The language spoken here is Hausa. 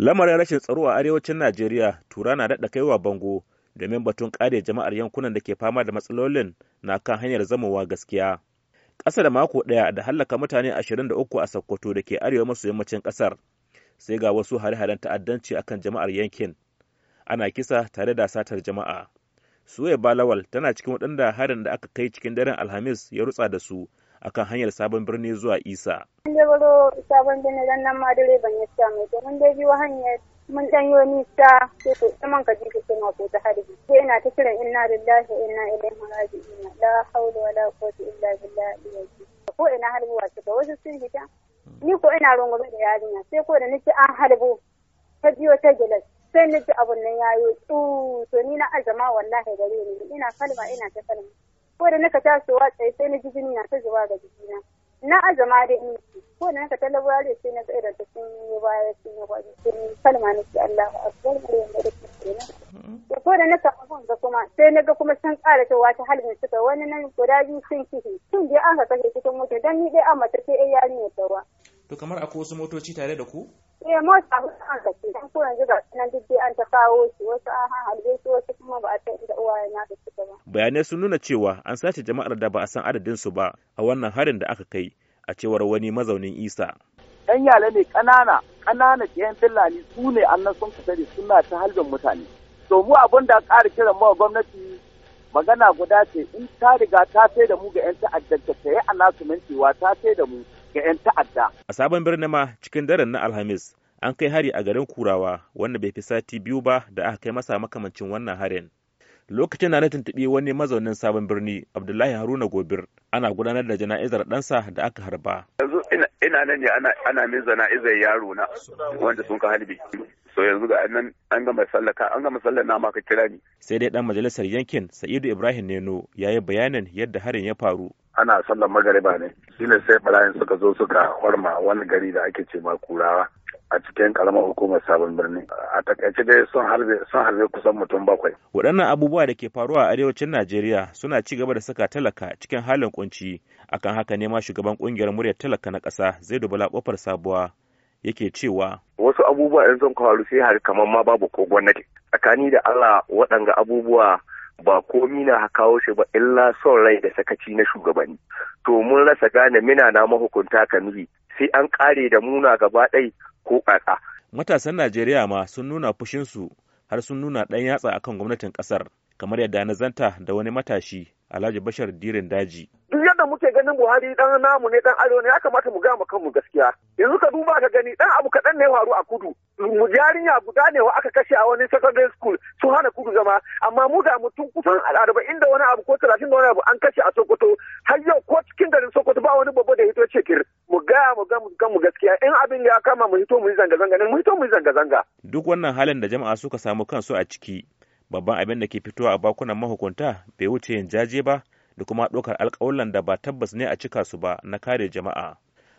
lamarin rashin tsaro a arewacin najeriya tura na daɗa kaiwa bango domin batun ƙare jama'ar yankunan da ke fama da matsalolin na kan hanyar zamowa gaskiya ƙasa da mako ɗaya da hallaka mutane 23 a sokoto da ke arewa maso yammacin ƙasar sai ga wasu hare-haren ta'addanci akan jama'ar yankin ana kisa tare da satar jama'a suwe balawal tana cikin waɗanda harin da aka kai cikin daren alhamis ya rutsa da su akan hanyar sabon birni zuwa isa je sabon bene dan nan ma ban yasta mai to mun dai biyo hanyar mun dan yi nisa sai ko saman ka ji ka ma ko ta harbi sai ina ta kiran inna lillahi inna ilaihi raji'un la hawla wala quwwata illa billah ko ina harbi wasu ba wasu sun fita ni ko ina rungume da yarinya sai ko da nake an harbi ta biyo ta gilas sai na ji abun nan yayo tsu to ni na azama wallahi gare ni ina kalma ina ta kalma ko da naka tasowa tsaye sai na ji jini na ta zuba ga jikina na azama da in ko na ka talabar da sai na tsaye da sun yi baya sun yi baya sun yi kalma na shi Allah akbar da da kenan to ko da na samu gun ga kuma sai na ga kuma sun ƙara ta wata halin suka wani nan guda biyu sun kihi sun je an ka kashe cikin mutu don ni dai an mace sai ai yarinya tawa to kamar akwai wasu motoci tare da ku eh mota hudu an ka ce ko yanzu ga nan duk an ta kawo shi wasu an halbe su wasu kuma ba a san inda uwaye na da suka ba bayanai sun nuna cewa an sace jama'ar da ba a san adadin su ba a wannan harin da aka kai a cewar wani mazaunin isa yan yare ne kanana ƙanana yan fillani su ne annan sun fita suna ta halbin mutane to mu abun da ƙara kiran mu gwamnati magana guda ce in ta riga ta sai da mu ga 'yan ta'adda ta yi announcement cewa ta sai da mu ga 'yan ta'adda. A sabon birni ma cikin daren na Alhamis an kai hari a garin Kurawa wanda bai fi sati biyu ba da aka kai masa makamancin wannan harin. Lokacin na tuntuɓi wani mazaunin sabon birni Abdullahi Haruna Gobir ana gudanar da jana'izar ɗansa da aka harba. Yanzu ina ina nan ne ana min zana izai yaro na wanda sun ka halibi so yanzu ga nan an gama sallah ka an gama sallah na ma ka kira ni sai dai dan majalisar yankin Sa'idu Ibrahim Neno yayi bayanin yadda harin ya faru ana sallar magariba ne shine sai barayin suka zo suka horma wani gari da ake ce kurawa a cikin karamar hukumar sabon birni a takaice dai sun harbe sun harbe kusan mutum bakwai waɗannan abubuwa da ke faruwa a arewacin najeriya suna ci gaba da saka talaka cikin halin kunci akan haka ne ma shugaban kungiyar muryar talaka na ƙasa zai dubula kofar sabuwa yake cewa wasu abubuwa yanzu sun faru sai har kamar ma babu ko gwamnati tsakani da allah waɗanga abubuwa ba komi na kawo shi ba illa son rai da sakaci na shugabanni to mun rasa gane mina na mahukunta nuri sai an kare da muna gaba ɗai ko ƙaƙa. matasan najeriya ma sun nuna fushinsu har sun nuna ɗan yatsa akan gwamnatin ƙasar kamar yadda na zanta da wani matashi Alhaji Bashar Dirin Daji. Duk yadda muke ganin Buhari dan namu ne dan arewa ne ya kamata mu gama kanmu gaskiya. Yanzu ya faru a kudu mu yarinya guda ne wa aka kashe a wani secondary school sun hana kudu zama amma mu ga mutum kusan arba'in da wani abu ko talatin da wani abu an kashe a sokoto har yau ko cikin garin sokoto ba wani babba da hito ce kir mu gaya mu ga mu mu gaskiya in abin ya kama mu hito mu yi zanga zanga mu hito mu yi zanga zanga duk wannan halin da jama'a suka samu kansu a ciki babban abin da ke fitowa a bakunan mahukunta bai wuce yin jaje ba da kuma ɗaukar alƙawuran da ba tabbas ne a cika su ba na kare jama'a